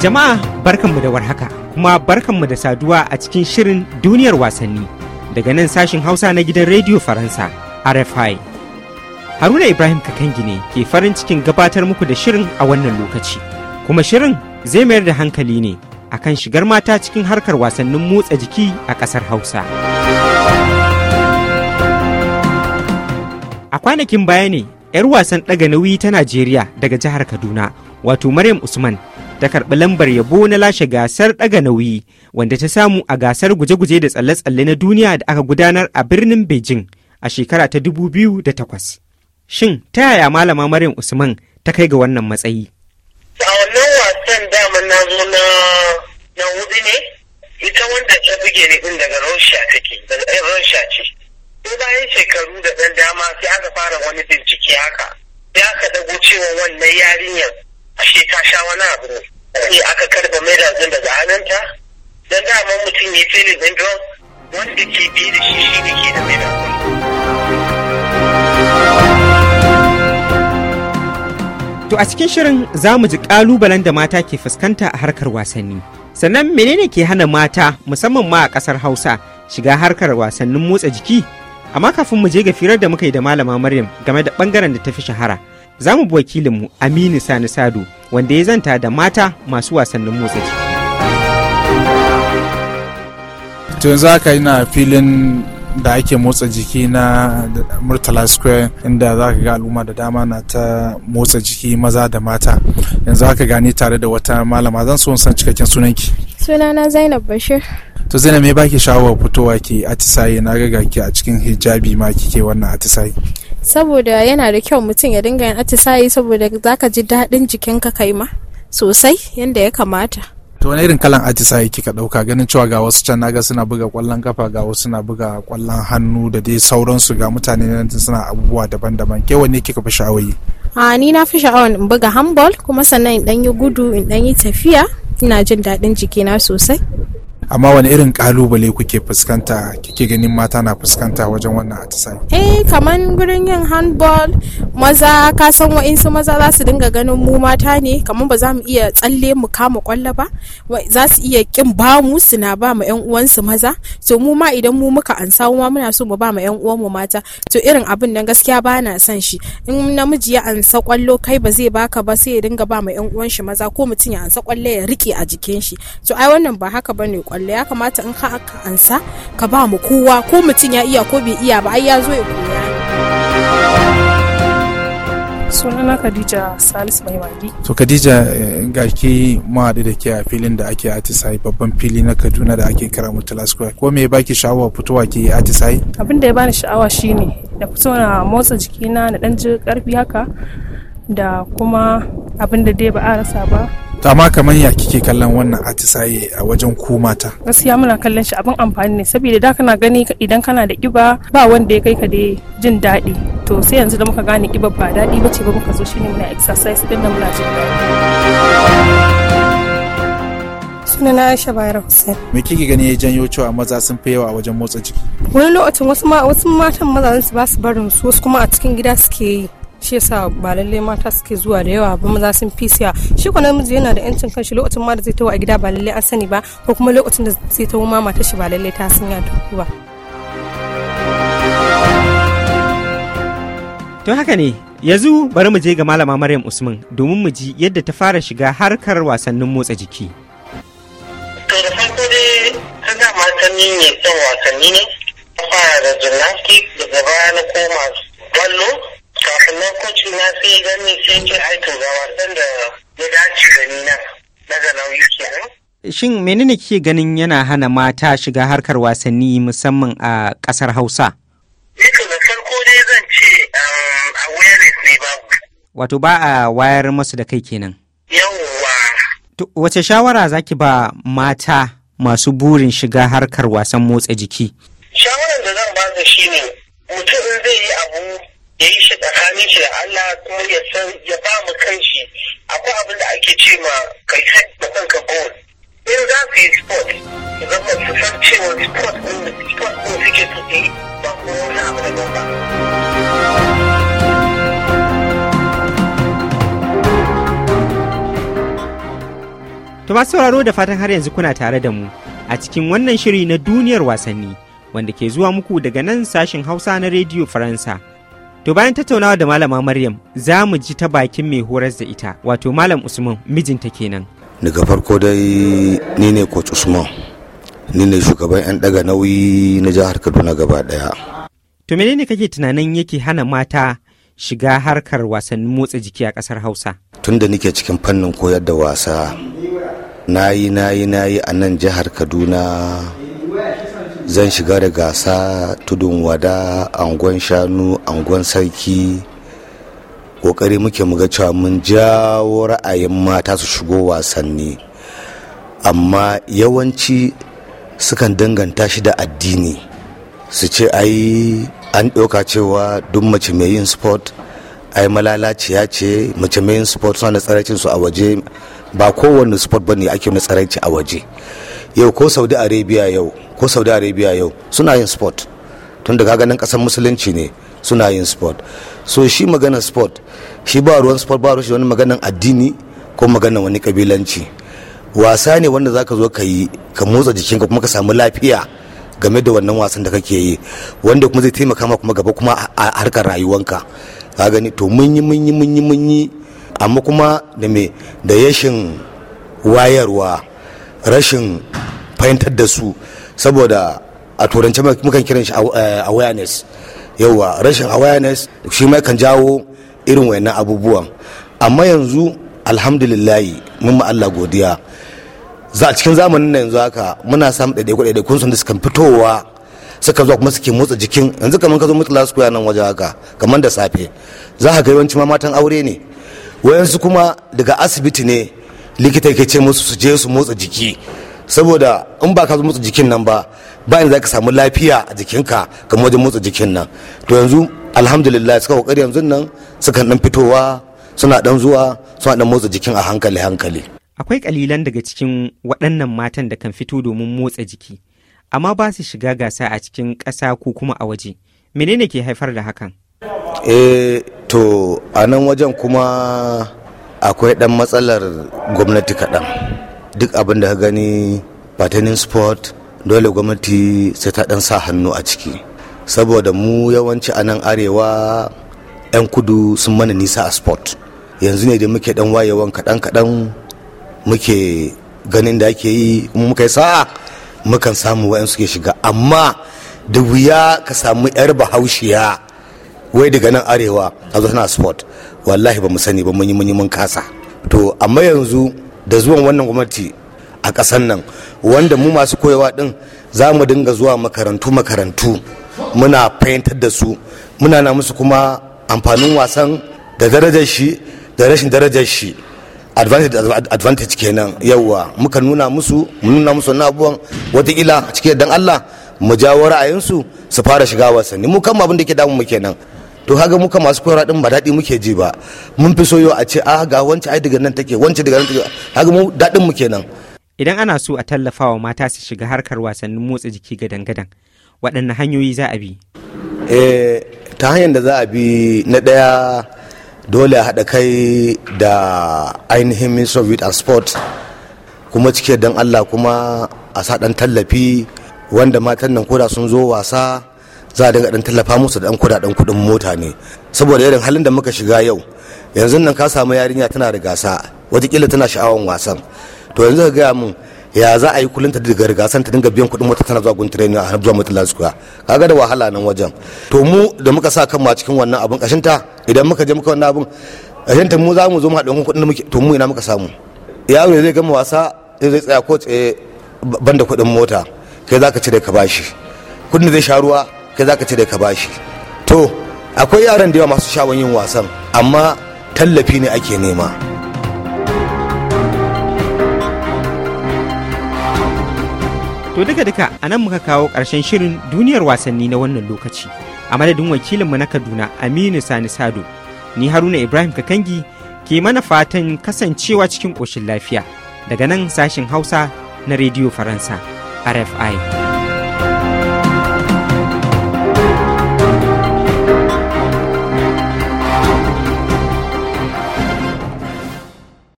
Jama'a barkanmu da warhaka kuma barkanmu da saduwa a cikin shirin duniyar wasanni daga nan sashin Hausa na gidan Radio Faransa RFI. Haruna Ibrahim Kakangi ne ke farin cikin gabatar muku da shirin a wannan lokaci. Kuma shirin zai mayar da hankali ne akan shigar mata cikin harkar wasannin motsa jiki a ƙasar Hausa. A kwanakin baya ne 'yar wasan ɗaga nauyi ta najeriya daga jihar kaduna wato maryam usman ta karɓi lambar yabo na lashe gasar ɗaga nauyi wanda ta samu a gasar guje-guje da tsalle-tsalle na duniya da aka gudanar a birnin beijing a shekara ta 2008 shin ta yaya malama maryam usman ta kai ga wannan matsayi a wasan na zo na ne ita wanda ta buge ni ɗin daga rosha take daga rosha ce sai bayan shekaru da ɗan dama sai aka fara wani bincike haka sai aka dago cewa wannan yarinyar ashe ta sha wani abu ne sai aka karba medazin daga hannunta don dama mutum ya filin don wanda ke bi da shi shi ne ke da da To a cikin shirin za mu ji ƙalubalen da mata ke fuskanta a harkar wasanni. Sannan menene ke hana mata musamman ma a ƙasar Hausa shiga harkar wasannin motsa jiki amma kafin mu je ga firar da muka yi da malama maryam game da bangaren da ta fi shahara za mu bi wakilinmu aminu sani sado wanda ya zanta da mata masu wasannin motsa jiki tun za ka yi filin da ake motsa jiki na murtala square inda za ka ga al'umma da dama na ta motsa jiki maza da mata yanzu za ka gani tare da wata malama zan so san cikakken sunanki sunana zainab bashir to zai me baki shawar fitowa ke atisaye na ga ki a cikin hijabi ma kike wannan atisaye saboda yana da kyau mutum ya dinga yin atisaye saboda zaka ji daɗin jikinka kai ma sosai yadda ya kamata to wani irin kalan atisaye kika ɗauka ganin cewa ga wasu can naga suna buga ƙwallon kafa ga wasu suna buga ƙwallon hannu da dai sauransu ga mutane nan suna abubuwa daban-daban ke wanne kika fi sha'awayi a ni na fi sha'awar in buga handball kuma sannan in ɗan yi gudu in ɗan yi tafiya ina jin daɗin jikina sosai amma wani irin kalubale kuke fuskanta kike ganin mata na fuskanta wajen wannan atisai. eh kaman gurin yin handball maza ka san wa'insu maza za su dinga ganin mu mata ne kaman ba za mu iya tsalle mu kama kwallo ba za su iya kin ba mu suna ba mu yan uwansu maza to mu ma idan mu muka ansa mu muna so mu ba mu yan uwanmu mata to irin abin nan gaskiya ba na son shi in namiji ya ansa kwallo kai ba zai baka ba sai ya dinga ba mu yan uwan shi maza ko mutum ya ansa kwallo ya rike a jikin shi to ai wannan ba haka bane kwallo balle ya kamata in ka aka ansa ka ba mu kowa ko mutum ya iya ko bai iya ba ai ya zo ya koya sunana khadija salis mai magi to khadija eh, ga ki ma da ke a filin da ake atisai babban fili na kaduna da ake kira mutala square ko me baki sha'awa fitowa ke atisai abin da ya bani sha'awa shine da fito na motsa jikina na ɗan ji ƙarfi haka da kuma abin da dai ba a rasa ba amma kamar ya kike kallon wannan atisaye a wajen ku mata gaskiya muna kallon shi abin amfani ne saboda da kana gani idan kana da kiba ba wanda ya kai ka da jin daɗi to sai yanzu da muka gane kiba ba daɗi ba ce ba muka zo shine muna exercise din nan muna jin daɗi na Aisha Bayar Hussein. Me kike gani ya janyo cewa maza sun fi yawa a wajen motsa jiki? Wani lokacin wasu matan mazajen su ba su barin su wasu kuma a cikin gida suke yi. shi yasa ba lalle mata suke zuwa da yawa ba maza sun fi siya shi ko namiji yana da yancin kanshi lokacin ma da zai tawo a gida ba lalle an sani ba ko kuma lokacin da zai tawo ma mata shi ba lalle ta sanya da ba to haka ne yanzu bari mu je ga malama maryam usman domin mu ji yadda ta fara shiga harkar wasannin motsa jiki to da farko dai ta ne kyan wasanni ne ta fara da gymnastics daga baya na koma ballo sakamakon kwanci na sai gani sai ke ai ga wasan da ya dace da ni na daga nauyi ke. Shin menene ke ganin yana hana mata shiga harkar wasanni musamman a kasar Hausa? Duka eh, da farko dai zan ce um, awareness ne babu. Wato ba a wayar masu da kai kenan. Yawwa. Wace shawara zaki ba mata masu burin shiga harkar wasan motsa jiki? Shawarar da zan ba shi ne, mutum zai yi abu ya yi shi tsakanin shi da Allah kuma ya san ya ba mu kanshi akwai abin da ake ce ma kai sai da kanka goal in za su yi sport ya zama su san cewa sport din da sport din suke su yi ba ko wani abu da ba To masu sauraro da fatan har yanzu kuna tare da mu a cikin wannan shiri na duniyar wasanni wanda ke zuwa muku daga nan sashin Hausa na Radio Faransa. To bayan tattaunawa da malama Maryam za mu ji ta bakin mai horar da ita wato malam Usman mijinta kenan. Daga farko dai ni ne coach Usman ni ne shugaban 'yan daga nauyi na jihar Kaduna gaba daya. To menene kake tunanin yake hana mata shiga harkar wasannin motsa jiki a kasar Hausa? Tunda nike cikin fannin koyar da wasa na na yi yi na yi a nan jihar Kaduna zan shiga da gasa tudun wada angon shanu angon sarki kokari muke muga cewa mun jawo ra'ayin mata su shigo wasanni amma yawanci sukan danganta shi da addini su ce ai an ɗauka cewa duk mace mai yin sport ai malalaciya ce mace mai yin sport suna da tsaracin su a waje ba kowane sport bane ake na tsaraici a waje yau ko saudi arabia yau ko saudi arabia yau suna yin sport tun da ganin kasar musulunci ne suna yin sport so shi maganar sport shi ba ruwan sport ba ruwan wani maganar addini ko maganar wani kabilanci wasa ne wanda zaka zo ka yi ka motsa jikin ka kuma ka samu lafiya game da wannan wasan da kake yi wanda kuma zai taimaka ma kuma gaba kuma a harkar rayuwanka ka gani to mun yi mun yi mun yi mun yi amma kuma da me da yashin wayarwa rashin fahimtar da su saboda a turance mukan kiran shi eh, awareness yawa rashin awareness shi mai kan jawo irin wayannan abubuwan amma yanzu alhamdulillahi mun ma Allah godiya za a cikin zamanin yanzu haka muna samun ɗaiɗaiku ɗaiɗaikun sun da suka fitowa suka zo kuma suke motsa jikin yanzu kamar ka zo last square nan waje haka kamar da safe za ka ga yawanci ma matan aure ne wayansu kuma daga asibiti ne likita yake ce musu su je su motsa jiki saboda in ba ka zo motsa jikin nan ba bayan za ka samu lafiya a jikinka kamar wajen motsa jikin nan to yanzu alhamdulillah suka kokari yanzu nan suka dan fitowa suna dan zuwa suna dan motsa jikin a hankali hankali akwai kalilan daga cikin waɗannan matan da kan fito domin motsa jiki amma ba su shiga gasa a cikin ƙasa ko kuma a waje menene ke haifar da hakan eh to a nan wajen kuma akwai ɗan matsalar gwamnati kaɗan duk abin da gani fatinin sport dole gwamnati sai ta dan sa hannu a ciki saboda mu yawanci a nan arewa 'yan kudu sun mana nisa a sport yanzu ne da muke dan wayewan kaɗan kaɗan muke ganin da ake yi muka yi sa'a mukan samu wa'yan suke shiga amma da wuya ka samu 'yar bahaushiya wai daga nan arewa a zo tana sport wallahi ba mu sani ba mun yi mun kasa to amma yanzu da zuwan wannan gwamnati a ƙasar nan wanda mu masu koyawa ɗin za mu dinga zuwa makarantu makarantu muna fahimtar da su muna na musu kuma amfanin wasan da darajar shi da rashin darajar shi advantage advantage kenan yawwa muka nuna musu mu nuna musu wannan abubuwan wataƙila cikin dan Allah mu jawo ra'ayinsu su fara shiga wasanni mu kan abin da ke damu mu kenan to haga muka masu koyarwa din ba daɗi muke ji ba mun fi soyo a ce a ah, ga wance ai daga nan take wance daga nan take haga mu daɗin mu kenan idan ana so a tallafawa mata su shiga harkar wasannin motsa jiki gadan-gadan waɗanne hanyoyi za a bi eh ta hanyar da za a bi na ɗaya dole a haɗa kai da ainihin ministry of youth and sport kuma cike don allah kuma a sa ɗan tallafi wanda matan nan koda sun zo wasa za a dinga dan tallafa musu da dan kudaden kudin mota ne saboda irin halin da muka shiga yau yanzu nan ka samu yarinya tana da gasa watakila tana sha'awan wasan to yanzu ka gaya mun ya za a yi kullum ta daga rigasan ta dinga biyan kuɗin mota tana zuwa gun training a zuwa mutala square kaga da wahala nan wajen to mu da muka sa kanmu a cikin wannan abun kashin ta idan muka je muka wannan abun kashin ta mu za mu zo mu haɗa kuɗin da muke to mu ina muka samu yaro zai gama wasa zai tsaya ko tsaye banda kuɗin mota kai za ka cire ka bashi kuɗin zai sha ruwa za ka ce da ka bashi to akwai yaran da yawa masu shawon yin wasan amma tallafi ne ake nema to duka duka a nan muka kawo ƙarshen shirin duniyar wasanni na wannan lokaci a madadin wakilinmu na kaduna aminu sani sado ni haruna ibrahim kakangi ke mana fatan kasancewa cikin ƙoshin lafiya daga nan sashen hausa na rediyo faransa rfi